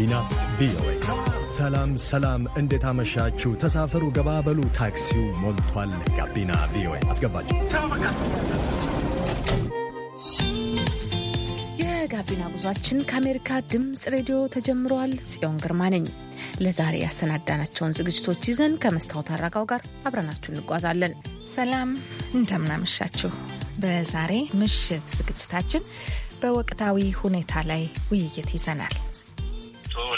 ጋቢና ቪኦኤ። ሰላም ሰላም፣ እንዴት አመሻችሁ? ተሳፈሩ፣ ገባበሉ፣ ታክሲው ሞልቷል። ጋቢና ቪኦኤ አስገባችሁ። የጋቢና ጉዟችን ከአሜሪካ ድምፅ ሬዲዮ ተጀምረዋል። ጽዮን ግርማ ነኝ። ለዛሬ ያሰናዳናቸውን ዝግጅቶች ይዘን ከመስታወት አረጋው ጋር አብረናችሁ እንጓዛለን። ሰላም እንደምናመሻችሁ። በዛሬ ምሽት ዝግጅታችን በወቅታዊ ሁኔታ ላይ ውይይት ይዘናል።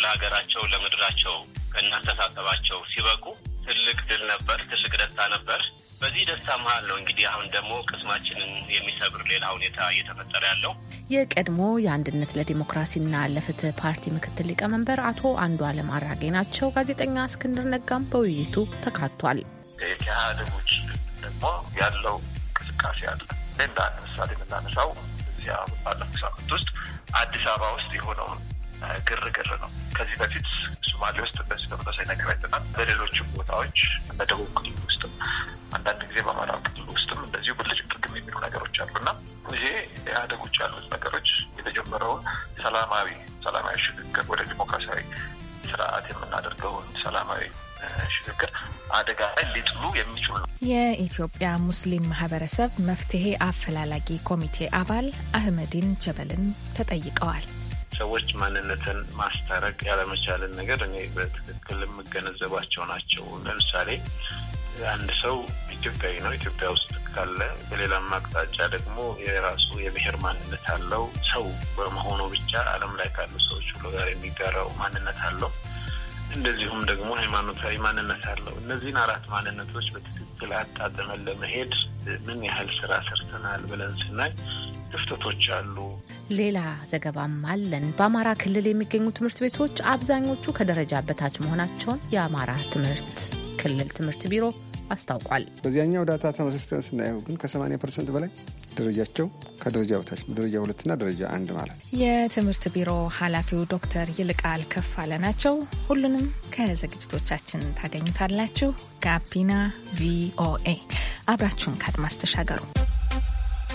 ለሀገራቸው ለምድራቸው ከናስተሳሰባቸው ሲበቁ ትልቅ ድል ነበር፣ ትልቅ ደስታ ነበር። በዚህ ደስታ መሀል ነው እንግዲህ አሁን ደግሞ ቅስማችንን የሚሰብር ሌላ ሁኔታ እየተፈጠረ ያለው። የቀድሞ የአንድነት ለዲሞክራሲና ለፍትህ ፓርቲ ምክትል ሊቀመንበር አቶ አንዱ አለም አራጌ ናቸው። ጋዜጠኛ እስክንድር ነጋም በውይይቱ ተካቷል። ከኢህአዴግ ውጭ ደግሞ ያለው እንቅስቃሴ አለ። እንደ አንድ ምሳሌ የምናነሳው እዚያ ባለፈው ሳምንት ውስጥ አዲስ አበባ ውስጥ የሆነውን ግርግር ነው። ከዚህ በፊት ሶማሌ ውስጥ እንደዚህ ተመሳሳይ ነገር አይተናል። በሌሎችም ቦታዎች በደቡብ ክልል ውስጥም አንዳንድ ጊዜ በአማራ ክልል ውስጥም እንደዚሁ ብልጭ ድርግም የሚሉ ነገሮች አሉ እና ይሄ ኢህአዴጎች ያሉት ነገሮች የተጀመረውን ሰላማዊ ሰላማዊ ሽግግር ወደ ዲሞክራሲያዊ ስርዓት የምናደርገውን ሰላማዊ ሽግግር አደጋ ላይ ሊጥሉ የሚችሉ ነው። የኢትዮጵያ ሙስሊም ማህበረሰብ መፍትሄ አፈላላጊ ኮሚቴ አባል አህመዲን ጀበልን ተጠይቀዋል። የሰዎች ማንነትን ማስታረቅ ያለመቻልን ነገር እኔ በትክክል የምገነዘባቸው ናቸው። ለምሳሌ አንድ ሰው ኢትዮጵያዊ ነው። ኢትዮጵያ ውስጥ ካለ በሌላም አቅጣጫ ደግሞ የራሱ የብሔር ማንነት አለው። ሰው በመሆኑ ብቻ ዓለም ላይ ካሉ ሰዎች ሁሉ ጋር የሚጋራው ማንነት አለው። እንደዚሁም ደግሞ ሃይማኖታዊ ማንነት አለው። እነዚህን አራት ማንነቶች በትክክል አጣጥመን ለመሄድ ምን ያህል ስራ ሰርተናል ብለን ስናይ ክፍተቶች አሉ። ሌላ ዘገባም አለን። በአማራ ክልል የሚገኙ ትምህርት ቤቶች አብዛኞቹ ከደረጃ በታች መሆናቸውን የአማራ ትምህርት ክልል ትምህርት ቢሮ አስታውቋል። በዚያኛው ዳታ ተመሳስተን ስናየው ግን ከ80 ፐርሰንት በላይ ደረጃቸው ከደረጃ በታች ደረጃ ሁለትና ደረጃ አንድ ማለት የትምህርት ቢሮ ኃላፊው ዶክተር ይልቃል ከፋለ ናቸው። ሁሉንም ከዝግጅቶቻችን ታገኙታላችሁ። ጋቢና ቪኦኤ አብራችሁን ከአድማስ ተሻገሩ።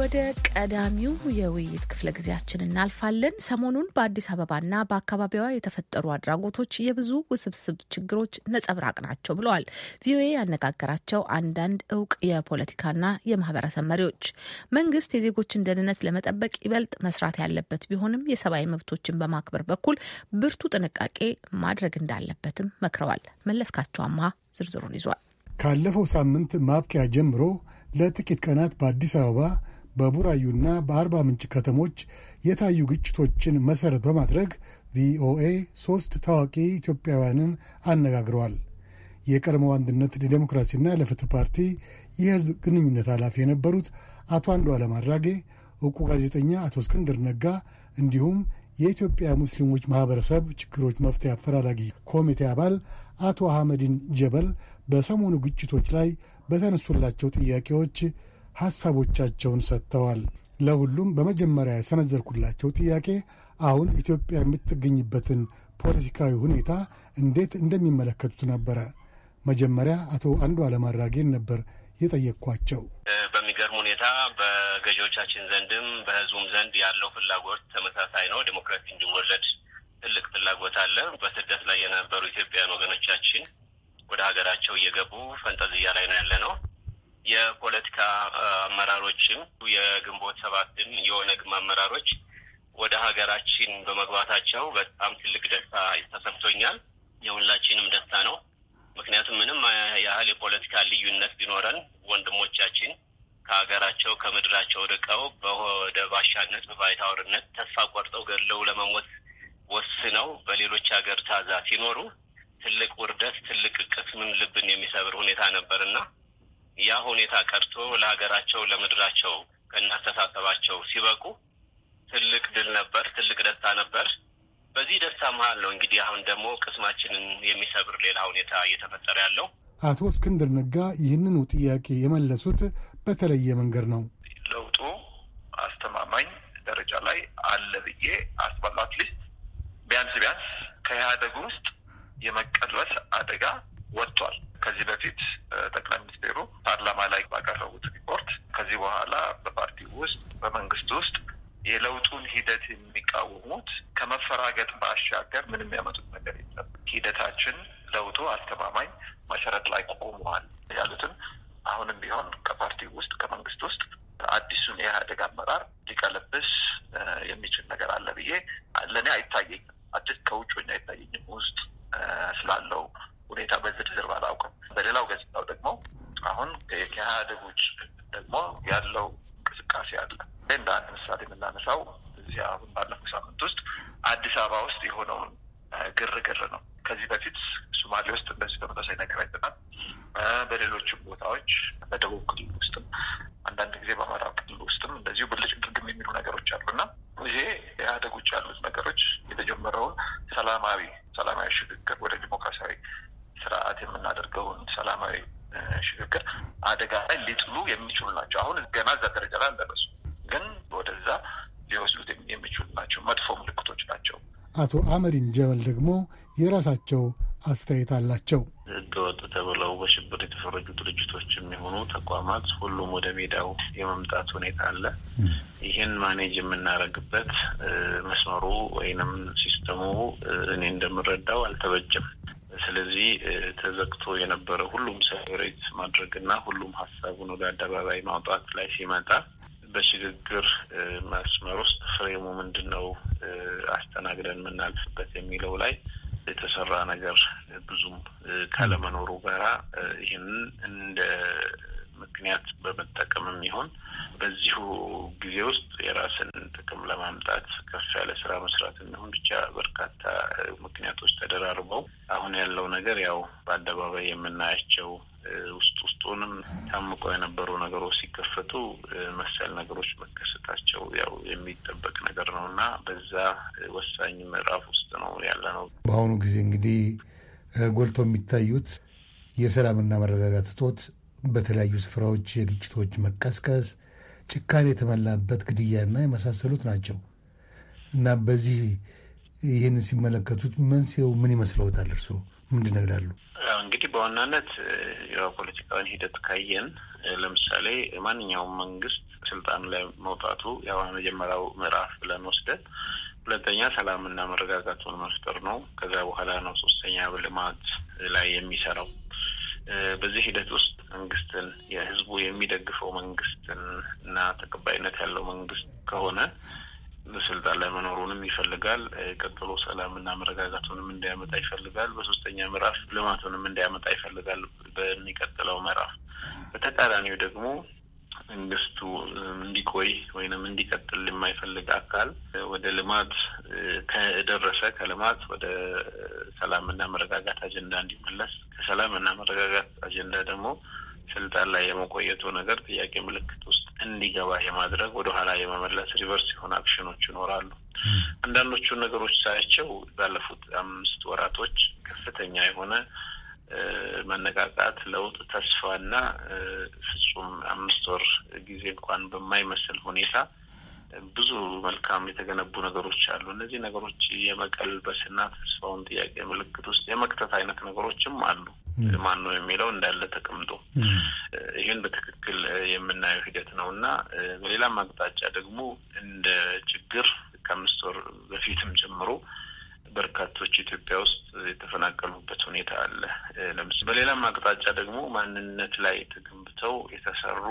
ወደ ቀዳሚው የውይይት ክፍለ ጊዜያችን እናልፋለን። ሰሞኑን በአዲስ አበባና በአካባቢዋ የተፈጠሩ አድራጎቶች የብዙ ውስብስብ ችግሮች ነጸብራቅ ናቸው ብለዋል ቪኦኤ ያነጋገራቸው አንዳንድ እውቅ የፖለቲካና የማህበረሰብ መሪዎች። መንግስት የዜጎችን ደህንነት ለመጠበቅ ይበልጥ መስራት ያለበት ቢሆንም የሰብአዊ መብቶችን በማክበር በኩል ብርቱ ጥንቃቄ ማድረግ እንዳለበትም መክረዋል። መለስካቸው አማ ዝርዝሩን ይዟል። ካለፈው ሳምንት ማብቂያ ጀምሮ ለጥቂት ቀናት በአዲስ አበባ በቡራዩና በአርባ ምንጭ ከተሞች የታዩ ግጭቶችን መሠረት በማድረግ ቪኦኤ ሦስት ታዋቂ ኢትዮጵያውያንን አነጋግረዋል። የቀድሞው አንድነት ለዲሞክራሲና ለፍትህ ፓርቲ የሕዝብ ግንኙነት ኃላፊ የነበሩት አቶ አንዱዓለም አራጌ፣ ዕውቁ ጋዜጠኛ አቶ እስክንድር ነጋ እንዲሁም የኢትዮጵያ ሙስሊሞች ማኅበረሰብ ችግሮች መፍትሄ አፈላላጊ ኮሚቴ አባል አቶ አህመዲን ጀበል በሰሞኑ ግጭቶች ላይ በተነሱላቸው ጥያቄዎች ሐሳቦቻቸውን ሰጥተዋል። ለሁሉም በመጀመሪያ የሰነዘርኩላቸው ጥያቄ አሁን ኢትዮጵያ የምትገኝበትን ፖለቲካዊ ሁኔታ እንዴት እንደሚመለከቱት ነበረ። መጀመሪያ አቶ አንዱዓለም አራጌን ነበር የጠየቅኳቸው። በሚገርም ሁኔታ በገዢዎቻችን ዘንድም በህዝቡም ዘንድ ያለው ፍላጎት ተመሳሳይ ነው። ዲሞክራሲ እንዲወለድ ትልቅ ፍላጎት አለ። በስደት ላይ የነበሩ ኢትዮጵያውያን ወገኖቻችን ወደ ሀገራቸው እየገቡ ፈንጠዝያ ላይ ነው ያለ ነው። የፖለቲካ አመራሮችም የግንቦት ሰባትም የኦነግም አመራሮች ወደ ሀገራችን በመግባታቸው በጣም ትልቅ ደስታ ተሰምቶኛል። የሁላችንም ደስታ ነው። ምክንያቱም ምንም ያህል የፖለቲካ ልዩነት ቢኖረን ወንድሞቻችን ከሀገራቸው ከምድራቸው ርቀው በወደ ባሻነት በባይታወርነት ተስፋ ቆርጠው ገለው ለመሞት ወስነው በሌሎች ሀገር ታዛ ሲኖሩ ትልቅ ውርደት፣ ትልቅ ቅስምን ልብን የሚሰብር ሁኔታ ነበርና ያ ሁኔታ ቀርቶ ለሀገራቸው ለምድራቸው ከናስተሳሰባቸው ሲበቁ ትልቅ ድል ነበር፣ ትልቅ ደስታ ነበር። በዚህ ደስታ መሀል ነው እንግዲህ አሁን ደግሞ ቅስማችንን የሚሰብር ሌላ ሁኔታ እየተፈጠረ ያለው። አቶ እስክንድር ነጋ ይህንኑ ጥያቄ የመለሱት በተለየ መንገድ ነው። ለውጡ አስተማማኝ ደረጃ ላይ አለ ብዬ አስባለሁ። አትሊስት ቢያንስ ቢያንስ ከኢህአደግ ውስጥ የመቀልበስ አደጋ ወጥቷል። ከዚህ በፊት ጠቅላይ ሚኒስትሩ ፓርላማ ላይ ባቀረቡት ሪፖርት ከዚህ በኋላ በፓርቲው ውስጥ በመንግስት ውስጥ የለውጡን ሂደት የሚቃወሙት ከመፈራገጥ ባሻገር ምንም ያመጡት ነገር የለም፣ ሂደታችን ለውጡ አስተማማኝ መሰረት ላይ ቆመዋል ያሉትን አሁንም ቢሆን ከፓርቲ ውስጥ ከመንግስት ውስጥ አዲሱን የኢህአደግ አመራር ሊቀለብስ የሚችል ነገር አለ ብዬ ለእኔ አይታየኝም። አዲስ ከውጭ አይታየኝም ውስጥ ስላለው ሁኔታ በዝርዝር ባላውቅም፣ በሌላው ገጽታው ደግሞ አሁን ከኢህአዴግ ውጭ ደግሞ ያለው እንቅስቃሴ አለ። እንደ አንድ ምሳሌ የምናነሳው እዚህ አሁን ባለፈው ሳምንት ውስጥ አዲስ አበባ ውስጥ የሆነውን ግርግር ነው። ከዚህ በፊት ሶማሌ ውስጥ እንደዚህ ተመሳሳይ ነገር አይተናል። በሌሎችም ቦታዎች በደቡብ ክልል አቶ አመሪን ጀበል ደግሞ የራሳቸው አስተያየት አላቸው። ህገወጥ ተብለው በሽብር የተፈረጁ ድርጅቶች የሚሆኑ ተቋማት ሁሉም ወደ ሜዳው የመምጣት ሁኔታ አለ። ይህን ማኔጅ የምናደርግበት መስመሩ ወይንም ሲስተሙ እኔ እንደምረዳው አልተበጀም። ስለዚህ ተዘግቶ የነበረ ሁሉም ሰሌብሬት ማድረግና ሁሉም ሀሳቡን ወደ አደባባይ ማውጣት ላይ ሲመጣ ተሻግረን የምናልፍበት የሚለው ላይ የተሰራ ነገር ብዙም ካለመኖሩ ጋራ ይህንን እንደ ምክንያት በመጠቀም የሚሆን በዚሁ ጊዜ ውስጥ የራስን ጥቅም ለማምጣት ከፍ ያለ ስራ መስራት የሚሆን ብቻ በርካታ ምክንያቶች ተደራርበው አሁን ያለው ነገር ያው በአደባባይ የምናያቸው ታምቆ የነበሩ ነገሮች ሲከፈቱ መሰል ነገሮች መከሰታቸው ያው የሚጠበቅ ነገር ነው እና በዛ ወሳኝ ምዕራፍ ውስጥ ነው ያለ ነው። በአሁኑ ጊዜ እንግዲህ ጎልቶ የሚታዩት የሰላምና መረጋጋት እጦት፣ በተለያዩ ስፍራዎች የግጭቶች መቀስቀስ፣ ጭካኔ የተሞላበት ግድያና የመሳሰሉት ናቸው እና በዚህ ይህን ሲመለከቱት መንስኤው ምን ይመስለውታል እርስዎ? ምንድን ነው ይላሉ? እንግዲህ በዋናነት የፖለቲካውን ሂደት ካየን ለምሳሌ ማንኛውም መንግስት ስልጣን ላይ መውጣቱ ያው መጀመሪያው ምዕራፍ ብለን ወስደን፣ ሁለተኛ ሰላምና መረጋጋቱን መፍጠር ነው። ከዛ በኋላ ነው ሶስተኛ ልማት ላይ የሚሰራው። በዚህ ሂደት ውስጥ መንግስትን የህዝቡ የሚደግፈው መንግስትን እና ተቀባይነት ያለው መንግስት ከሆነ ስልጣን ላይ መኖሩንም ይፈልጋል። ቀጥሎ ሰላምና መረጋጋቱንም እንዲያመጣ ይፈልጋል። በሶስተኛ ምዕራፍ ልማቱንም እንዲያመጣ ይፈልጋል። በሚቀጥለው ምዕራፍ በተቃራኒው ደግሞ መንግስቱ እንዲቆይ ወይንም እንዲቀጥል የማይፈልግ አካል ወደ ልማት ከደረሰ ከልማት ወደ ሰላምና መረጋጋት አጀንዳ እንዲመለስ ከሰላምና መረጋጋት አጀንዳ ደግሞ ስልጣን ላይ የመቆየቱ ነገር ጥያቄ ምልክት ውስጥ እንዲገባ የማድረግ ወደኋላ የመመለስ ሪቨርስ የሆነ አክሽኖች ይኖራሉ። አንዳንዶቹ ነገሮች ሳያቸው ባለፉት አምስት ወራቶች ከፍተኛ የሆነ መነቃቃት፣ ለውጥ፣ ተስፋ እና ፍጹም አምስት ወር ጊዜ እንኳን በማይመስል ሁኔታ ብዙ መልካም የተገነቡ ነገሮች አሉ። እነዚህ ነገሮች የመቀልበስና ተስፋውን ጥያቄ ምልክት ውስጥ የመክተት አይነት ነገሮችም አሉ። ማን ነው የሚለው እንዳለ ተቀምጦ ይህን በትክክል የምናየው ሂደት ነው እና በሌላም አቅጣጫ ደግሞ እንደ ችግር ከአምስት ወር በፊትም ጀምሮ በርካቶች ኢትዮጵያ ውስጥ የተፈናቀሉበት ሁኔታ አለ። ለምሳሌ በሌላም አቅጣጫ ደግሞ ማንነት ላይ ተገንብተው የተሰሩ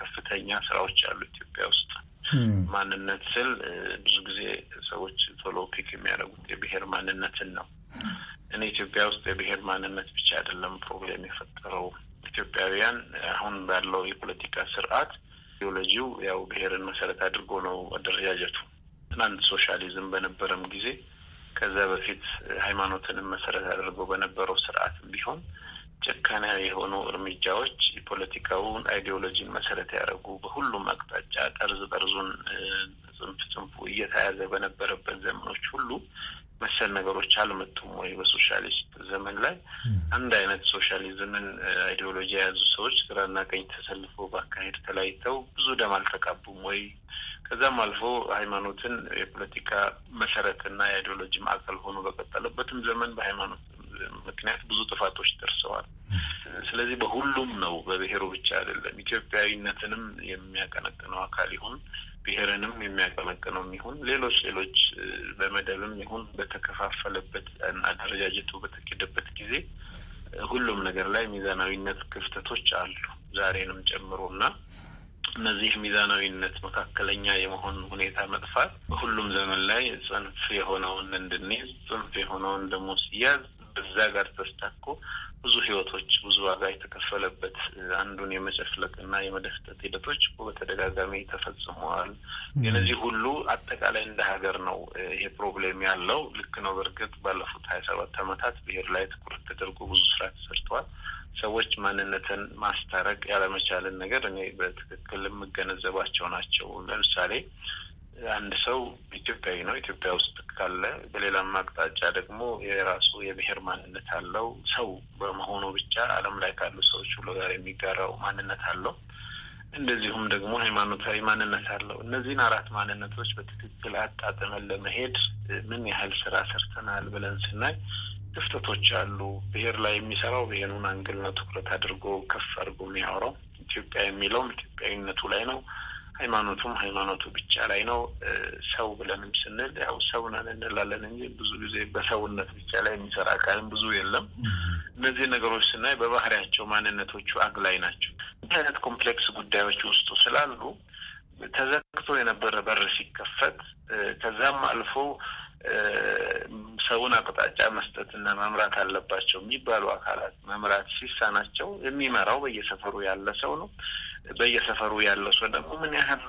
ከፍተኛ ስራዎች አሉ ኢትዮጵያ ውስጥ። ማንነት ስል ብዙ ጊዜ ሰዎች ቶሎ ፒክ የሚያደርጉት የብሔር ማንነትን ነው። እኔ ኢትዮጵያ ውስጥ የብሔር ማንነት ብቻ አይደለም ፕሮብሌም የፈጠረው። ኢትዮጵያውያን አሁን ባለው የፖለቲካ ስርዓት ኢዲዮሎጂው ያው ብሔርን መሰረት አድርጎ ነው አደረጃጀቱ። ትናንት ሶሻሊዝም በነበረም ጊዜ ከዛ በፊት ሃይማኖትንም መሰረት አድርጎ በነበረው ስርዓት ቢሆን ጭካኔ የሆኑ እርምጃዎች የፖለቲካውን አይዲዮሎጂን መሰረት ያደረጉ በሁሉም አቅጣጫ ጠርዝ ጠርዙን ጽንፍ ጽንፉ እየተያዘ በነበረበት ዘመኖች ሁሉ መሰል ነገሮች አልመጡም ወይ? በሶሻሊስት ዘመን ላይ አንድ አይነት ሶሻሊዝምን አይዲዮሎጂ የያዙ ሰዎች ግራና ቀኝ ተሰልፈው በአካሄድ ተለያይተው ብዙ ደም አልተቃቡም ወይ? ከዛም አልፎ ሃይማኖትን የፖለቲካ መሰረትና የአይዲዮሎጂ ማዕከል ሆኖ በቀጠለበትም ዘመን በሃይማኖት ምክንያት ብዙ ጥፋቶች ደርሰዋል። ስለዚህ በሁሉም ነው፣ በብሔሩ ብቻ አይደለም። ኢትዮጵያዊነትንም የሚያቀነቅነው አካል ይሁን ብሔርንም የሚያቀነቅነው የሚሆን ሌሎች ሌሎች በመደብም ይሁን በተከፋፈለበት አደረጃጀቱ በተኬደበት ጊዜ ሁሉም ነገር ላይ ሚዛናዊነት ክፍተቶች አሉ ዛሬንም ጨምሮ እና እነዚህ ሚዛናዊነት መካከለኛ የመሆን ሁኔታ መጥፋት በሁሉም ዘመን ላይ ጽንፍ የሆነውን እንድንይዝ ጽንፍ የሆነውን ደግሞ ሲያዝ እዛ ጋር ተስታኮ ብዙ ህይወቶች ብዙ ዋጋ የተከፈለበት አንዱን የመጨፍለቅ እና የመደፍጠት ሂደቶች በተደጋጋሚ ተፈጽመዋል። ግን እዚህ ሁሉ አጠቃላይ እንደ ሀገር ነው ይሄ ፕሮብሌም ያለው። ልክ ነው። በእርግጥ ባለፉት ሀያ ሰባት አመታት ብሔር ላይ ትኩረት ተደርጎ ብዙ ስራ ተሰርተዋል። ሰዎች ማንነትን ማስታረቅ ያለመቻልን ነገር እኔ በትክክል የምገነዘባቸው ናቸው። ለምሳሌ አንድ ሰው ኢትዮጵያዊ ነው። ኢትዮጵያ ውስጥ ካለ በሌላም አቅጣጫ ደግሞ የራሱ የብሔር ማንነት አለው። ሰው በመሆኑ ብቻ ዓለም ላይ ካሉ ሰዎች ሁሉ ጋር የሚጋራው ማንነት አለው። እንደዚሁም ደግሞ ሃይማኖታዊ ማንነት አለው። እነዚህን አራት ማንነቶች በትክክል አጣጥመን ለመሄድ ምን ያህል ስራ ሰርተናል ብለን ስናይ ክፍተቶች አሉ። ብሔር ላይ የሚሰራው ብሔሩን አንግል ነው ትኩረት አድርጎ ከፍ አድርጎ የሚያወራው ኢትዮጵያ የሚለውም ኢትዮጵያዊነቱ ላይ ነው። ሃይማኖቱም ሃይማኖቱ ብቻ ላይ ነው። ሰው ብለንም ስንል ያው ሰው ነን እንላለን እንጂ ብዙ ጊዜ በሰውነት ብቻ ላይ የሚሰራ አካልም ብዙ የለም። እነዚህ ነገሮች ስናይ በባህሪያቸው ማንነቶቹ አግላይ ናቸው። እንዲህ አይነት ኮምፕሌክስ ጉዳዮች ውስጡ ስላሉ ተዘግቶ የነበረ በር ሲከፈት ከዛም አልፎ ሰውን አቅጣጫ መስጠትና መምራት አለባቸው የሚባሉ አካላት መምራት ሲሳናቸው የሚመራው በየሰፈሩ ያለ ሰው ነው። በየሰፈሩ ያለው ሰው ደግሞ ምን ያህል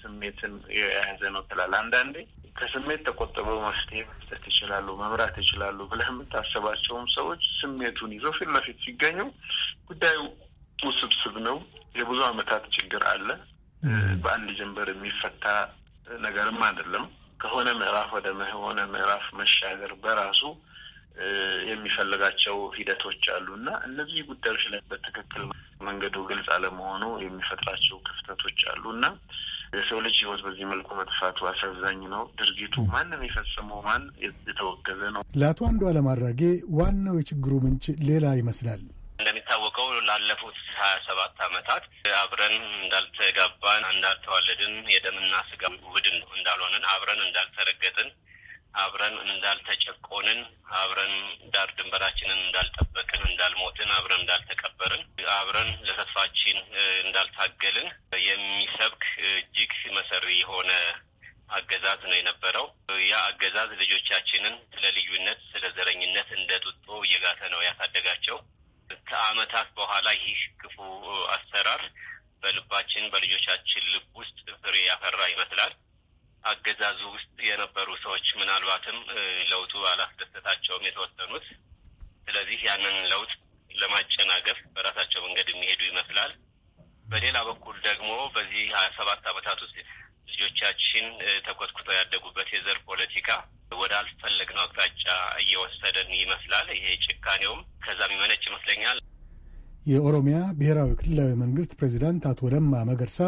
ስሜትን የያዘ ነው ትላል። አንዳንዴ ከስሜት ተቆጥበው መፍትሄ መስጠት ይችላሉ፣ መምራት ይችላሉ ብለህ የምታስባቸውም ሰዎች ስሜቱን ይዘው ፊት ለፊት ሲገኙ ጉዳዩ ውስብስብ ነው። የብዙ ዓመታት ችግር አለ። በአንድ ጀንበር የሚፈታ ነገርም አይደለም። ከሆነ ምዕራፍ ወደ ሆነ ምዕራፍ መሻገር በራሱ የሚፈልጋቸው ሂደቶች አሉ እና እነዚህ ጉዳዮች ላይ በትክክል መንገዱ ግልጽ አለመሆኑ የሚፈጥራቸው ክፍተቶች አሉ እና የሰው ልጅ ህይወት በዚህ መልኩ መጥፋቱ አሳዛኝ ነው። ድርጊቱ ማንም የፈጸመው ማን የተወገዘ ነው። ለአቶ አንዱ አለማራጌ ዋናው የችግሩ ምንጭ ሌላ ይመስላል። እንደሚታወቀው ላለፉት ሀያ ሰባት አመታት አብረን እንዳልተጋባን፣ እንዳልተዋለድን፣ የደምና ስጋ ውህድ እንዳልሆንን፣ አብረን እንዳልተረገጥን አብረን እንዳልተጨቆንን፣ አብረን ዳር ድንበራችንን እንዳልጠበቅን፣ እንዳልሞትን፣ አብረን እንዳልተቀበርን፣ አብረን ለተስፋችን እንዳልታገልን የሚሰብክ እጅግ መሰሪ የሆነ አገዛዝ ነው የነበረው። ያ አገዛዝ ልጆቻችንን ስለ ልዩነት፣ ስለ ዘረኝነት እንደ ጡጦ እየጋተ ነው ያሳደጋቸው። ከዓመታት በኋላ ይህ ክፉ አሰራር በልባችን በልጆቻችን ልብ ውስጥ ፍሬ ያፈራ ይመስላል። አገዛዙ ውስጥ የነበሩ ሰዎች ምናልባትም ለውጡ አላስደሰታቸውም የተወሰኑት። ስለዚህ ያንን ለውጥ ለማጨናገፍ በራሳቸው መንገድ የሚሄዱ ይመስላል። በሌላ በኩል ደግሞ በዚህ ሀያ ሰባት ዓመታት ውስጥ ልጆቻችን ተኮትኩተው ያደጉበት የዘር ፖለቲካ ወደ አልፈለግነው አቅጣጫ እየወሰደን ይመስላል። ይሄ ጭካኔውም ከዛ የሚመነጭ ይመስለኛል። የኦሮሚያ ብሔራዊ ክልላዊ መንግስት ፕሬዚዳንት አቶ ለማ መገርሳ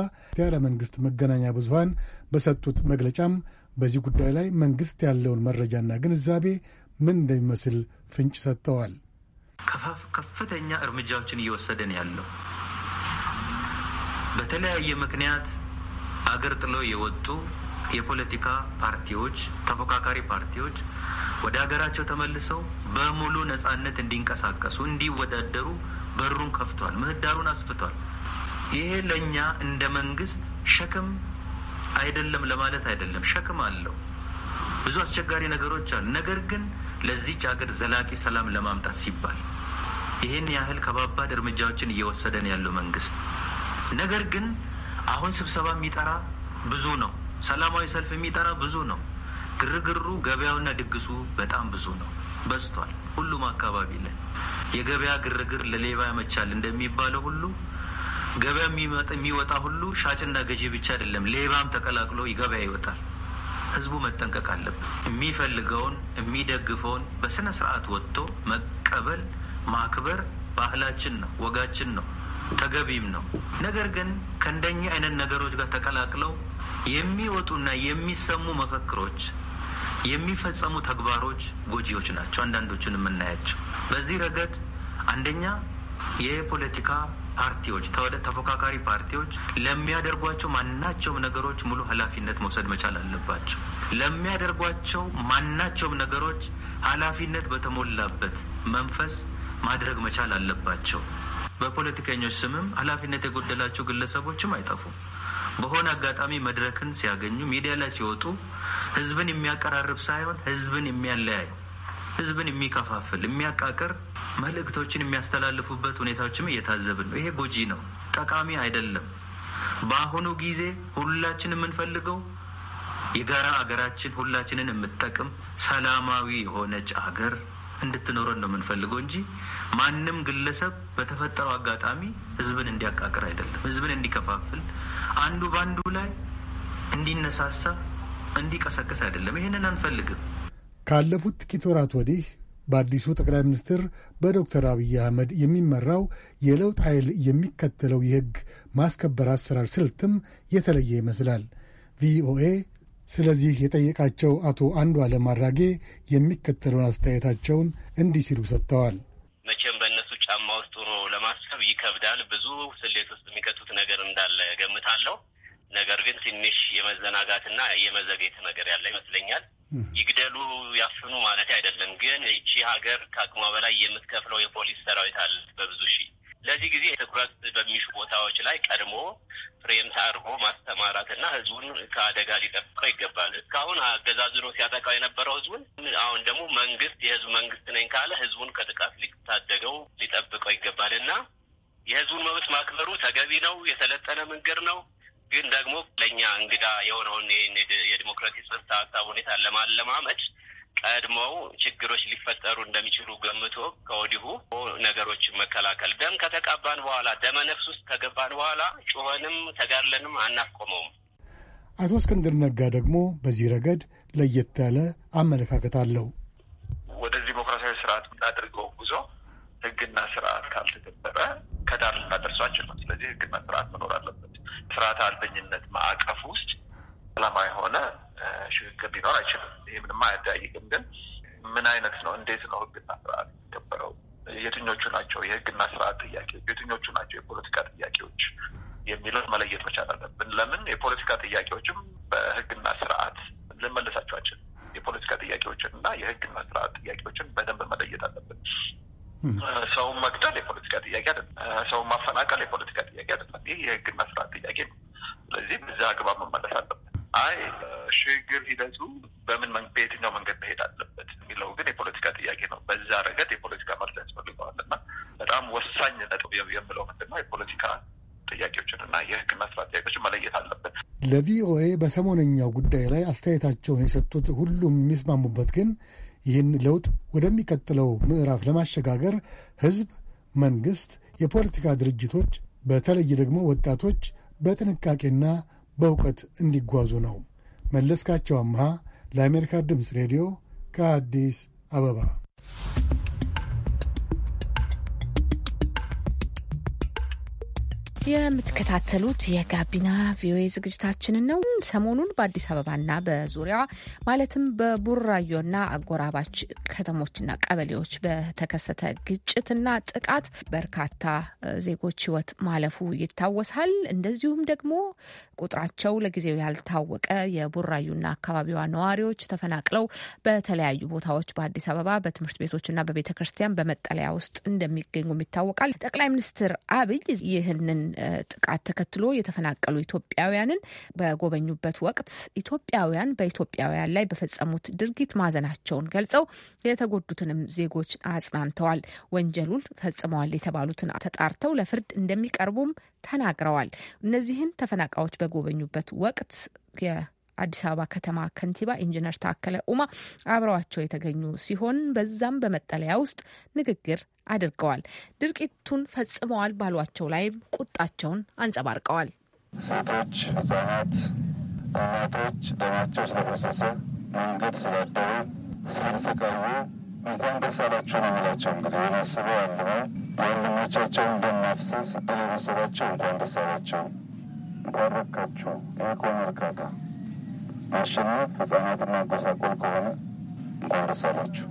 ያለ መንግስት መገናኛ ብዙኃን በሰጡት መግለጫም በዚህ ጉዳይ ላይ መንግሥት ያለውን መረጃና ግንዛቤ ምን እንደሚመስል ፍንጭ ሰጥተዋል። ከፍተኛ እርምጃዎችን እየወሰደን ያለው በተለያየ ምክንያት አገር ጥለው የወጡ የፖለቲካ ፓርቲዎች፣ ተፎካካሪ ፓርቲዎች ወደ ሀገራቸው ተመልሰው በሙሉ ነጻነት እንዲንቀሳቀሱ፣ እንዲወዳደሩ በሩን ከፍቷል፣ ምህዳሩን አስፍቷል። ይሄ ለእኛ እንደ መንግስት ሸክም አይደለም ለማለት አይደለም። ሸክም አለው፣ ብዙ አስቸጋሪ ነገሮች አሉ። ነገር ግን ለዚች ሀገር ዘላቂ ሰላም ለማምጣት ሲባል ይህን ያህል ከባባድ እርምጃዎችን እየወሰደን ያለው መንግስት፣ ነገር ግን አሁን ስብሰባ የሚጠራ ብዙ ነው። ሰላማዊ ሰልፍ የሚጠራ ብዙ ነው። ግርግሩ፣ ገበያውና ድግሱ በጣም ብዙ ነው፣ በዝቷል። ሁሉም አካባቢ ላይ የገበያ ግርግር ለሌባ ያመቻል እንደሚባለው ሁሉ ገበያ የሚወጣ ሁሉ ሻጭና ገዢ ብቻ አይደለም፣ ሌባም ተቀላቅሎ ገበያ ይወጣል። ህዝቡ መጠንቀቅ አለብን። የሚፈልገውን የሚደግፈውን በስነ ስርዓት ወጥቶ መቀበል ማክበር ባህላችን ነው፣ ወጋችን ነው፣ ተገቢም ነው። ነገር ግን ከእንደኛ አይነት ነገሮች ጋር ተቀላቅለው የሚወጡና የሚሰሙ መፈክሮች የሚፈጸሙ ተግባሮች ጎጂዎች ናቸው። አንዳንዶቹን የምናያቸው በዚህ ረገድ አንደኛ የፖለቲካ ፓርቲዎች ተፎካካሪ ፓርቲዎች ለሚያደርጓቸው ማናቸውም ነገሮች ሙሉ ኃላፊነት መውሰድ መቻል አለባቸው። ለሚያደርጓቸው ማናቸውም ነገሮች ኃላፊነት በተሞላበት መንፈስ ማድረግ መቻል አለባቸው። በፖለቲከኞች ስምም ኃላፊነት የጎደላቸው ግለሰቦችም አይጠፉም። በሆነ አጋጣሚ መድረክን ሲያገኙ ሚዲያ ላይ ሲወጡ ህዝብን የሚያቀራርብ ሳይሆን ህዝብን የሚያለያዩ ህዝብን የሚከፋፍል የሚያቃቅር መልእክቶችን የሚያስተላልፉበት ሁኔታዎችም እየታዘብን ነው። ይሄ ጎጂ ነው፣ ጠቃሚ አይደለም። በአሁኑ ጊዜ ሁላችን የምንፈልገው የጋራ አገራችን ሁላችንን የምትጠቅም ሰላማዊ የሆነች አገር እንድትኖረን ነው የምንፈልገው እንጂ ማንም ግለሰብ በተፈጠረው አጋጣሚ ህዝብን እንዲያቃቅር አይደለም። ህዝብን እንዲከፋፍል፣ አንዱ በአንዱ ላይ እንዲነሳሳ፣ እንዲቀሰቅስ አይደለም። ይህንን አንፈልግም። ካለፉት ጥቂት ወራት ወዲህ በአዲሱ ጠቅላይ ሚኒስትር በዶክተር አብይ አህመድ የሚመራው የለውጥ ኃይል የሚከተለው የሕግ ማስከበር አሰራር ስልትም የተለየ ይመስላል። ቪኦኤ ስለዚህ የጠየቃቸው አቶ አንዱ ዓለም አራጌ የሚከተለውን አስተያየታቸውን እንዲህ ሲሉ ሰጥተዋል። መቼም በእነሱ ጫማ ውስጥ ሆኖ ለማሰብ ይከብዳል። ብዙ ስሌት ውስጥ የሚከቱት ነገር እንዳለ ገምታለሁ። ነገር ግን ትንሽ የመዘናጋትና የመዘግየት ነገር ያለ ይመስለኛል። ይግደሉ፣ ያፍኑ ማለት አይደለም። ግን ይቺ ሀገር ከአቅሟ በላይ የምትከፍለው የፖሊስ ሰራዊት አለ በብዙ ሺህ። ለዚህ ጊዜ ትኩረት በሚሹ ቦታዎች ላይ ቀድሞ ፍሬም ታርጎ ማስተማራትና ህዝቡን ከአደጋ ሊጠብቀው ይገባል። እስካሁን አገዛዝኖ ሲያጠቃው የነበረው ህዝቡን፣ አሁን ደግሞ መንግስት የህዝብ መንግስት ነኝ ካለ ህዝቡን ከጥቃት ሊታደገው ሊጠብቀው ይገባል እና የህዝቡን መብት ማክበሩ ተገቢ ነው። የሰለጠነ መንገድ ነው። ግን ደግሞ ለእኛ እንግዳ የሆነውን ይህን የዲሞክራሲ ጽንሰ ሀሳብ ሁኔታ ለማለማመድ ቀድመው ችግሮች ሊፈጠሩ እንደሚችሉ ገምቶ ከወዲሁ ነገሮችን መከላከል። ደም ከተቃባን በኋላ ደመ ነፍስ ውስጥ ከገባን በኋላ ጩኸንም ተጋለንም አናቆመውም አቶ እስክንድር ነጋ ደግሞ በዚህ ረገድ ለየት ያለ አመለካከት አለው። ወደ ዲሞክራሲያዊ ስርዓት የምናደርገው ጉዞ ህግና ስርዓት ካልተገበረ ከዳር ልናደርሰው አንችልም። ስለዚህ ህግና ስርዓት መኖር አለበት። ስርዓት አልበኝነት ማዕቀፍ ውስጥ ሰላማዊ የሆነ ሽግግር ሊኖር አይችልም። ይህ ምንም አያጠያይቅም። ግን ምን አይነት ነው? እንዴት ነው ህግና ስርዓት የሚከበረው? የትኞቹ ናቸው የህግና ስርዓት ጥያቄዎች፣ የትኞቹ ናቸው የፖለቲካ ጥያቄዎች የሚለውን መለየት መቻል አለብን። ለምን የፖለቲካ ጥያቄዎችም በህግና ስርዓት ልንመልሳቸው አንችልም። የፖለቲካ ጥያቄዎችን እና የህግና ስርዓት ጥያቄዎችን በደንብ መለየት አለብን። ሰውን መግደል የፖለቲካ ጥያቄ አይደለም። ሰውን ማፈናቀል የፖለቲካ ጥያቄ አይደለም። ይህ የህግና ስርዓት ጥያቄ ነው። ስለዚህ በዛ አግባብ መመለስ አለበት። አይ ሽግግር ሂደቱ በምን በየትኛው መንገድ መሄድ አለበት የሚለው ግን የፖለቲካ ጥያቄ ነው። በዛ ረገድ የፖለቲካ መርት ያስፈልገዋል እና በጣም ወሳኝ ነጥብ የምለው ምንድነው የፖለቲካ ጥያቄዎችንና የህግና ስርዓት ጥያቄዎችን መለየት አለበት። ለቪኦኤ በሰሞነኛው ጉዳይ ላይ አስተያየታቸውን የሰጡት ሁሉም የሚስማሙበት ግን ይህን ለውጥ ወደሚቀጥለው ምዕራፍ ለማሸጋገር ሕዝብ፣ መንግሥት፣ የፖለቲካ ድርጅቶች በተለይ ደግሞ ወጣቶች በጥንቃቄና በእውቀት እንዲጓዙ ነው። መለስካቸው አምሃ ለአሜሪካ ድምፅ ሬዲዮ ከአዲስ አበባ የምትከታተሉት የጋቢና ቪኦኤ ዝግጅታችንን ነው። ሰሞኑን በአዲስ አበባና በዙሪያ ማለትም በቡራዮና አጎራባች ከተሞችና ቀበሌዎች በተከሰተ ግጭትና ጥቃት በርካታ ዜጎች ሕይወት ማለፉ ይታወሳል። እንደዚሁም ደግሞ ቁጥራቸው ለጊዜው ያልታወቀ የቡራዩና አካባቢዋ ነዋሪዎች ተፈናቅለው በተለያዩ ቦታዎች በአዲስ አበባ በትምህርት ቤቶችና በቤተ ክርስቲያን በመጠለያ ውስጥ እንደሚገኙም ይታወቃል። ጠቅላይ ሚኒስትር አብይ ይህንን ጥቃት ተከትሎ የተፈናቀሉ ኢትዮጵያውያንን በጎበኙበት ወቅት ኢትዮጵያውያን በኢትዮጵያውያን ላይ በፈጸሙት ድርጊት ማዘናቸውን ገልጸው የተጎዱትንም ዜጎች አጽናንተዋል። ወንጀሉን ፈጽመዋል የተባሉትን ተጣርተው ለፍርድ እንደሚቀርቡም ተናግረዋል። እነዚህን ተፈናቃዮች በጎበኙበት ወቅት አዲስ አበባ ከተማ ከንቲባ ኢንጂነር ታከለ ኡማ አብረዋቸው የተገኙ ሲሆን በዛም በመጠለያ ውስጥ ንግግር አድርገዋል። ድርቂቱን ፈጽመዋል ባሏቸው ላይም ቁጣቸውን አንጸባርቀዋል። ሴቶች፣ ህጻናት፣ እናቶች ደማቸው ስለፈሰሰ መንገድ ስላደሩ ስለተሰቃዩ እንኳን ደስ አላችሁ ነው የሚላቸው። እንግዲህ የማስበው አለ ወንድሞቻቸው እንደማፍሰስ እድል የመሰላቸው እንኳን ደስ አላቸው፣ እንኳን ረካችሁ። ይህ ከሆነ እርካታ ማሸነፍ ህጻናትና ጎሳቆል ከሆነ እንኳን ደስ አላቸው።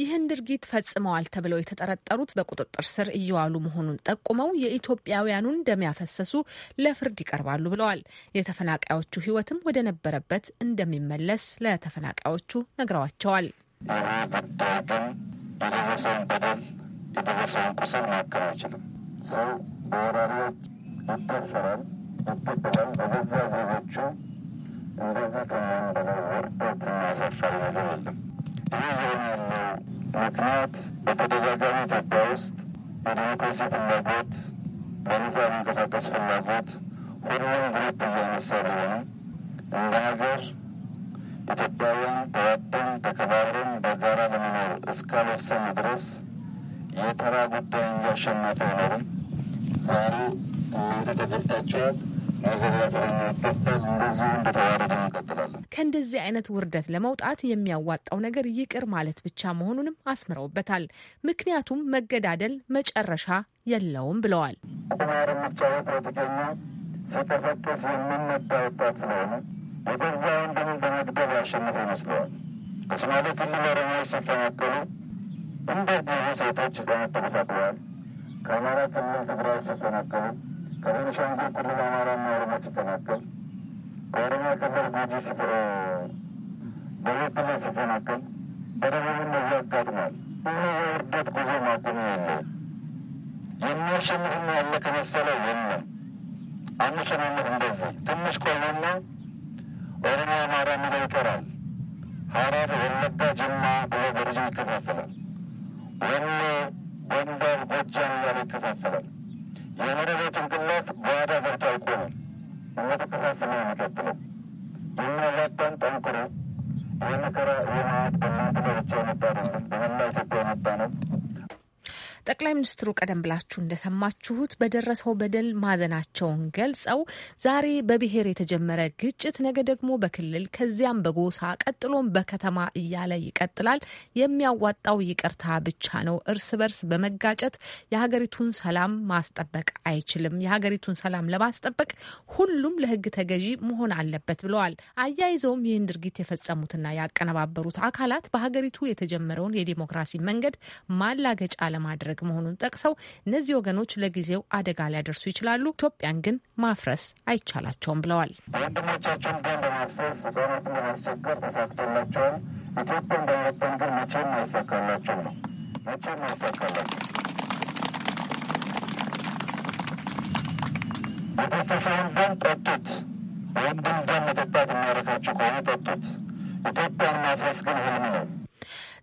ይህን ድርጊት ፈጽመዋል ተብለው የተጠረጠሩት በቁጥጥር ስር እየዋሉ መሆኑን ጠቁመው የኢትዮጵያውያኑን ደም ያፈሰሱ ለፍርድ ይቀርባሉ ብለዋል። የተፈናቃዮቹ ሕይወትም ወደ ነበረበት እንደሚመለስ ለተፈናቃዮቹ ነግረዋቸዋል። የደረሰውን በደል የደረሰውን ቁስል ማከም አይችልም። ሰው በወራሪዎች ይደፈራል፣ ይገደላል። በገዛ ዜጎቹ እንደዚህ ከመሆን በላይ ነገር የለም። ይህ የሆነው ምክንያት በተደጋጋሚ ኢትዮጵያ ውስጥ የዲሞክራሲ ፍላጎት በነጻ የሚንቀሳቀስ ፍላጎት ሁሉም ግሩፕ እያነሳ ቢሆንም እንደ ሀገር ኢትዮጵያውያን ተዋደን ተከባብረን በጋራ ለመኖር እስካልወሰን ድረስ የተራ ጉዳይ እንጂ አሸናፊ አይኖርም። ዛሬ እናንተ ተገልጣችኋል። ከእንደዚህ አይነት ውርደት ለመውጣት የሚያዋጣው ነገር ይቅር ማለት ብቻ መሆኑንም አስምረውበታል። ምክንያቱም መገዳደል መጨረሻ የለውም ብለዋል። ቁማር የሚጫወት ስለሆነ የገዛ በመግደል ያሸነፈ ይመስለዋል። ክልል ኦሮሞዎች ሲፈናቀሉ ሴቶች ተመሳቅለዋል። ከአማራ ክልል ትግራይ ሲፈናቀሉ ከቤኒሻንጉል ክልል አማራና ኦሮሞ ሲፈናቀል፣ ከኦሮሚያ ክልል ጉጂ ደቡብ ክልል ሲፈናቀል፣ በደቡብ እነዚህ አጋጥሟል። ይህ የውርደት ጉዞ ማቆሚያ የለውም። የሚያሸንፍና ያለ ከመሰለ የለም። አንሸናነት እንደዚህ ትንሽ ቆዩና ኦሮሚያ አማራ ሚለው ይቀራል። ሐረር፣ ወለጋ፣ ጅማ ብሎ በሪጅን ይከፋፈላል። ወሎ፣ ጎንደር፣ ጎጃም እያለ ይከፋፈላል። የመደበ ጭንቅላ ጠቅላይ ሚኒስትሩ ቀደም ብላችሁ እንደሰማችሁት በደረሰው በደል ማዘናቸውን ገልጸው ዛሬ በብሔር የተጀመረ ግጭት ነገ ደግሞ በክልል ከዚያም በጎሳ ቀጥሎም በከተማ እያለ ይቀጥላል። የሚያዋጣው ይቅርታ ብቻ ነው። እርስ በርስ በመጋጨት የሀገሪቱን ሰላም ማስጠበቅ አይችልም። የሀገሪቱን ሰላም ለማስጠበቅ ሁሉም ለሕግ ተገዢ መሆን አለበት ብለዋል። አያይዘውም ይህን ድርጊት የፈጸሙትና ያቀነባበሩት አካላት በሀገሪቱ የተጀመረውን የዲሞክራሲ መንገድ ማላገጫ ለማድረግ መሆኑን ጠቅሰው እነዚህ ወገኖች ለጊዜው አደጋ ሊያደርሱ ይችላሉ፣ ኢትዮጵያን ግን ማፍረስ አይቻላቸውም ብለዋል። ወንድሞቻቸውን ግን በማፍሰስ ህጻናትን በማስቸገር ተሳክቶላቸውም ኢትዮጵያን በመበተን ግን መቼም አይሳካላቸው ነው መቼም አይሳካላቸው የፈሰሰውን ደም ጠጡት። ወይም ደም መጠጣት የሚያረካቸው ከሆነ ጠጡት። ኢትዮጵያን ማፍረስ ግን ህልም ነው።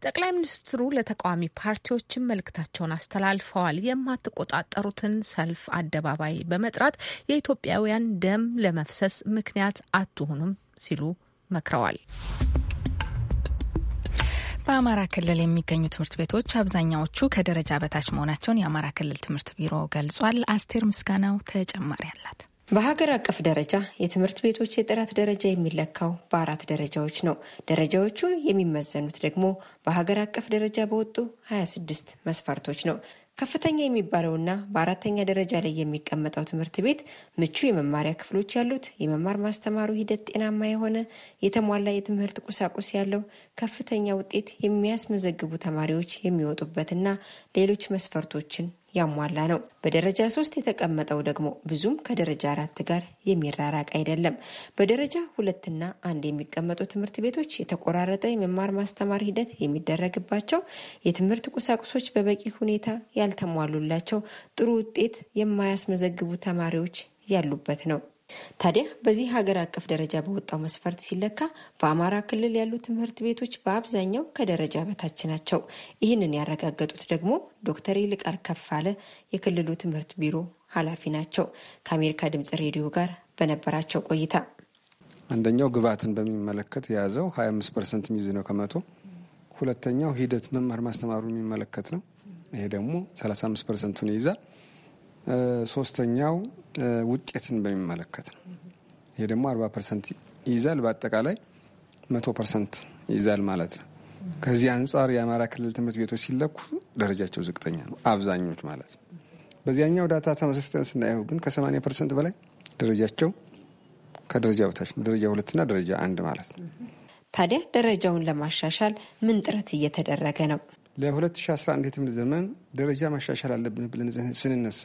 ጠቅላይ ሚኒስትሩ ለተቃዋሚ ፓርቲዎችን መልእክታቸውን አስተላልፈዋል። የማትቆጣጠሩትን ሰልፍ አደባባይ በመጥራት የኢትዮጵያውያን ደም ለመፍሰስ ምክንያት አትሆኑም ሲሉ መክረዋል። በአማራ ክልል የሚገኙ ትምህርት ቤቶች አብዛኛዎቹ ከደረጃ በታች መሆናቸውን የአማራ ክልል ትምህርት ቢሮ ገልጿል። አስቴር ምስጋናው ተጨማሪ አላት። በሀገር አቀፍ ደረጃ የትምህርት ቤቶች የጥራት ደረጃ የሚለካው በአራት ደረጃዎች ነው። ደረጃዎቹ የሚመዘኑት ደግሞ በሀገር አቀፍ ደረጃ በወጡ 26 መስፈርቶች ነው። ከፍተኛ የሚባለውና በአራተኛ ደረጃ ላይ የሚቀመጠው ትምህርት ቤት ምቹ የመማሪያ ክፍሎች ያሉት፣ የመማር ማስተማሩ ሂደት ጤናማ የሆነ፣ የተሟላ የትምህርት ቁሳቁስ ያለው፣ ከፍተኛ ውጤት የሚያስመዘግቡ ተማሪዎች የሚወጡበትና ሌሎች መስፈርቶችን ያሟላ ነው። በደረጃ ሶስት የተቀመጠው ደግሞ ብዙም ከደረጃ አራት ጋር የሚራራቅ አይደለም። በደረጃ ሁለትና አንድ የሚቀመጡ ትምህርት ቤቶች የተቆራረጠ የመማር ማስተማር ሂደት የሚደረግባቸው፣ የትምህርት ቁሳቁሶች በበቂ ሁኔታ ያልተሟሉላቸው፣ ጥሩ ውጤት የማያስመዘግቡ ተማሪዎች ያሉበት ነው። ታዲያ በዚህ ሀገር አቀፍ ደረጃ በወጣው መስፈርት ሲለካ በአማራ ክልል ያሉ ትምህርት ቤቶች በአብዛኛው ከደረጃ በታች ናቸው። ይህንን ያረጋገጡት ደግሞ ዶክተር ይልቃል ከፋለ የክልሉ ትምህርት ቢሮ ኃላፊ ናቸው። ከአሜሪካ ድምጽ ሬዲዮ ጋር በነበራቸው ቆይታ አንደኛው ግብዓትን በሚመለከት የያዘው 25 ፐርሰንት ሚዝ ነው ከመቶ። ሁለተኛው ሂደት መማር ማስተማሩ የሚመለከት ነው። ይሄ ደግሞ 35 ፐርሰንቱን ይይዛል። ሶስተኛው ውጤትን በሚመለከት ነው። ይሄ ደግሞ አርባ ፐርሰንት ይይዛል፣ በአጠቃላይ መቶ ፐርሰንት ይይዛል ማለት ነው። ከዚህ አንጻር የአማራ ክልል ትምህርት ቤቶች ሲለኩ ደረጃቸው ዝቅተኛ ነው፣ አብዛኞች ማለት ነው። በዚያኛው ዳታ ተመሳስተን ስናየው ግን ከሰማኒያ ፐርሰንት በላይ ደረጃቸው ከደረጃ በታች ደረጃ ሁለትና ደረጃ አንድ ማለት ነው። ታዲያ ደረጃውን ለማሻሻል ምን ጥረት እየተደረገ ነው? ለ2011 የትምህርት ዘመን ደረጃ ማሻሻል አለብን ብለን ስንነሳ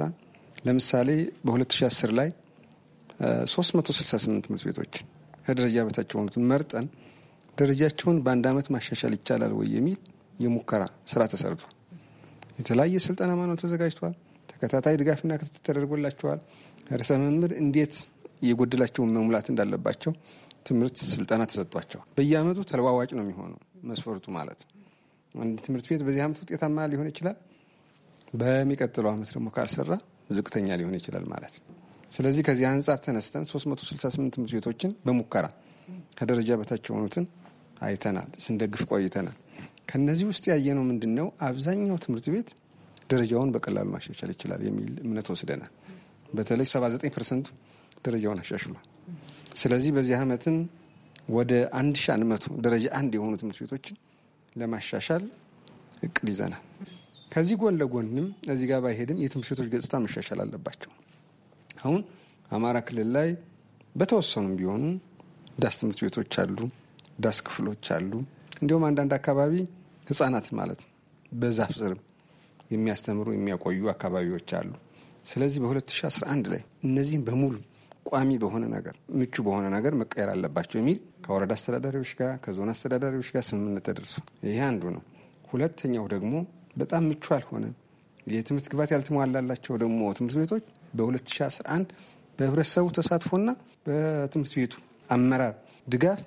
ለምሳሌ በ2010 ላይ 368 ትምህርት ቤቶች ከደረጃ በታች የሆኑትን መርጠን ደረጃቸውን በአንድ ዓመት ማሻሻል ይቻላል ወይ የሚል የሙከራ ስራ ተሰርቷል። የተለያየ ስልጠና ማኖ ተዘጋጅቷል። ተከታታይ ድጋፍና ክትትል ተደርጎላቸዋል። ርዕሰ መምህር እንዴት የጎደላቸውን መሙላት እንዳለባቸው ትምህርት ስልጠና ተሰጥቷቸዋል። በየአመቱ ተለዋዋጭ ነው የሚሆነው መስፈርቱ ማለት አንድ ትምህርት ቤት በዚህ ዓመት ውጤታማ ሊሆን ይችላል። በሚቀጥለው አመት ደግሞ ካልሰራ ዝቅተኛ ሊሆን ይችላል ማለት ነው። ስለዚህ ከዚህ አንጻር ተነስተን 368 ትምህርት ቤቶችን በሙከራ ከደረጃ በታች የሆኑትን አይተናል፣ ስንደግፍ ቆይተናል። ከነዚህ ውስጥ ያየነው ምንድን ነው? አብዛኛው ትምህርት ቤት ደረጃውን በቀላሉ ማሻሻል ይችላል የሚል እምነት ወስደናል። በተለይ 79 ፐርሰንቱ ደረጃውን አሻሽሏል። ስለዚህ በዚህ ዓመትም ወደ 1100 ደረጃ አንድ የሆኑ ትምህርት ቤቶችን ለማሻሻል እቅድ ይዘናል። ከዚህ ጎን ለጎንም እዚህ ጋር ባይሄድም የትምህርት ቤቶች ገጽታ መሻሻል አለባቸው። አሁን አማራ ክልል ላይ በተወሰኑም ቢሆኑ ዳስ ትምህርት ቤቶች አሉ፣ ዳስ ክፍሎች አሉ። እንዲሁም አንዳንድ አካባቢ ህጻናት ማለት ነው በዛፍ ስር የሚያስተምሩ የሚያቆዩ አካባቢዎች አሉ። ስለዚህ በ2011 ላይ እነዚህም በሙሉ ቋሚ በሆነ ነገር ምቹ በሆነ ነገር መቀየር አለባቸው የሚል ከወረዳ አስተዳዳሪዎች ጋር ከዞን አስተዳዳሪዎች ጋር ስምምነት ተደርሶ ይሄ አንዱ ነው። ሁለተኛው ደግሞ በጣም ምቹ አልሆነም። የትምህርት ግባት ያልተሟላላቸው ደግሞ ትምህርት ቤቶች በ2011 በህብረተሰቡ ተሳትፎና በትምህርት ቤቱ አመራር ድጋፍ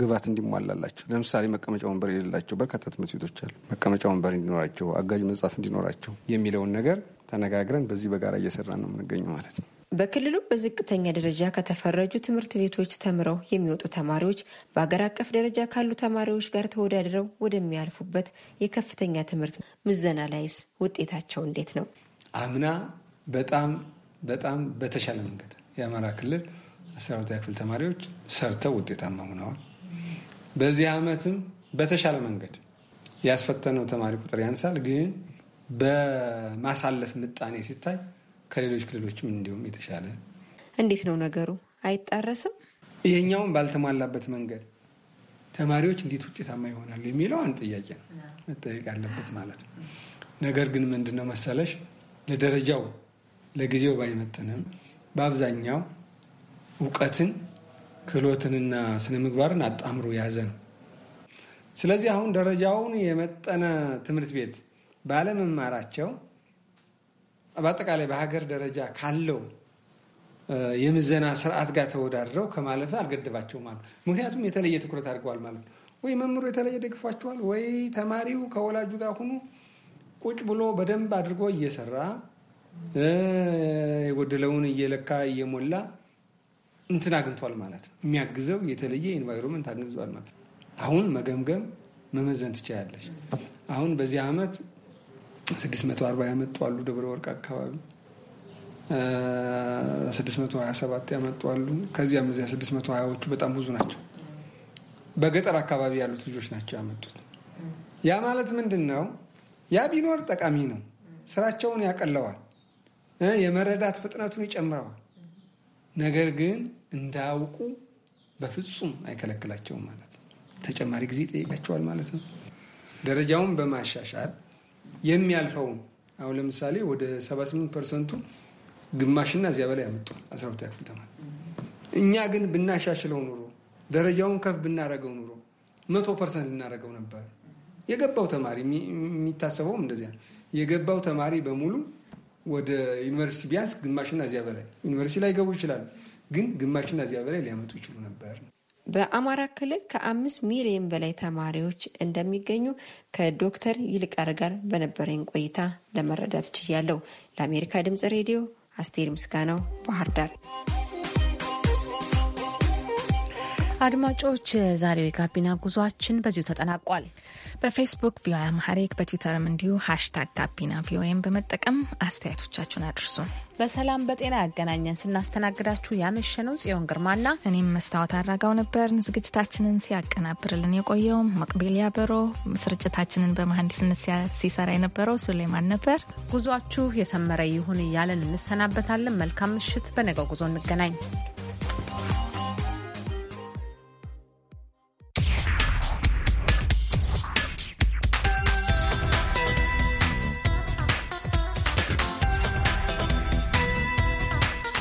ግባት እንዲሟላላቸው ለምሳሌ መቀመጫ ወንበር የሌላቸው በርካታ ትምህርት ቤቶች አሉ። መቀመጫ ወንበር እንዲኖራቸው፣ አጋዥ መጽሐፍ እንዲኖራቸው የሚለውን ነገር ተነጋግረን በዚህ በጋራ እየሰራ ነው የምንገኘው ማለት ነው። በክልሉ በዝቅተኛ ደረጃ ከተፈረጁ ትምህርት ቤቶች ተምረው የሚወጡ ተማሪዎች በአገር አቀፍ ደረጃ ካሉ ተማሪዎች ጋር ተወዳድረው ወደሚያልፉበት የከፍተኛ ትምህርት ምዘና ላይስ ውጤታቸው እንዴት ነው? አምና በጣም በጣም በተሻለ መንገድ የአማራ ክልል አስራ ክፍል ተማሪዎች ሰርተው ውጤታማ ሆነዋል። በዚህ ዓመትም በተሻለ መንገድ ያስፈተነው ተማሪ ቁጥር ያንሳል፣ ግን በማሳለፍ ምጣኔ ሲታይ ከሌሎች ክልሎችም እንዲሁም የተሻለ እንዴት ነው ነገሩ? አይጣረስም። ይሄኛውን ባልተሟላበት መንገድ ተማሪዎች እንዴት ውጤታማ ይሆናሉ የሚለው አንድ ጥያቄ ነው መጠየቅ ያለበት ማለት ነው። ነገር ግን ምንድነው መሰለሽ ለደረጃው ለጊዜው ባይመጥንም በአብዛኛው እውቀትን ክህሎትንና ስነ ምግባርን አጣምሮ የያዘ ነው። ስለዚህ አሁን ደረጃውን የመጠነ ትምህርት ቤት ባለመማራቸው በአጠቃላይ በሀገር ደረጃ ካለው የምዘና ስርዓት ጋር ተወዳድረው ከማለፍ አልገደባቸውም አሉ። ምክንያቱም የተለየ ትኩረት አድርገዋል ማለት ነው። ወይ መምህሩ የተለየ ደግፏቸዋል፣ ወይ ተማሪው ከወላጁ ጋር ሁኑ ቁጭ ብሎ በደንብ አድርጎ እየሰራ የጎደለውን እየለካ እየሞላ እንትን አግኝቷል ማለት ነው። የሚያግዘው የተለየ ኤንቫይሮንመንት አግኝቷል ማለት ነው። አሁን መገምገም መመዘን ትችላለች። አሁን በዚህ ዓመት ስድስት መቶ አርባ ያመጡ አሉ። ደብረ ወርቅ አካባቢ ስድስት መቶ ሀያ ሰባት ያመጡ አሉ። ከዚያም እዚያ ስድስት መቶ ሀያዎቹ በጣም ብዙ ናቸው። በገጠር አካባቢ ያሉት ልጆች ናቸው ያመጡት። ያ ማለት ምንድን ነው? ያ ቢኖር ጠቃሚ ነው። ስራቸውን ያቀለዋል፣ የመረዳት ፍጥነቱን ይጨምረዋል። ነገር ግን እንዳያውቁ በፍጹም አይከለክላቸውም ማለት ነው። ተጨማሪ ጊዜ ይጠይቃቸዋል ማለት ነው። ደረጃውን በማሻሻል የሚያልፈውን አሁን ለምሳሌ ወደ 78 ፐርሰንቱ ግማሽና እዚያ በላይ ያመጡ አስራ ሁለተኛ ተማሪ እኛ ግን ብናሻሽለው ኑሮ ደረጃውን ከፍ ብናረገው ኑሮ መቶ ፐርሰንት እናደረገው ነበር። የገባው ተማሪ የሚታሰበውም እንደዚያ የገባው ተማሪ በሙሉ ወደ ዩኒቨርሲቲ ቢያንስ ግማሽና እዚያ በላይ ዩኒቨርሲቲ ላይ ገቡ ይችላሉ፣ ግን ግማሽና እዚያ በላይ ሊያመጡ ይችሉ ነበር። በአማራ ክልል ከአምስት ሚሊዮን በላይ ተማሪዎች እንደሚገኙ ከዶክተር ይልቃር ጋር በነበረኝ ቆይታ ለመረዳት ችያለሁ። ለአሜሪካ ድምጽ ሬዲዮ አስቴር ምስጋናው ባህር ዳር። አድማጮች የዛሬው የጋቢና ጉዟችን በዚሁ ተጠናቋል። በፌስቡክ ቪኦኤ አማሐሪክ በትዊተርም እንዲሁ ሀሽታግ ጋቢና ቪኦኤም በመጠቀም አስተያየቶቻችሁን አድርሱን። በሰላም በጤና ያገናኘን። ስናስተናግዳችሁ ያመሸነው ጽዮን ግርማና እኔም መስታወት አድራጋው ነበርን። ዝግጅታችንን ሲያቀናብርልን የቆየውም መቅቤል ያበሮ፣ ስርጭታችንን በመሀንዲስነት ሲሰራ የነበረው ሱሌማን ነበር። ጉዟችሁ የሰመረ ይሁን እያለን እንሰናበታለን። መልካም ምሽት። በነገው ጉዞ እንገናኝ።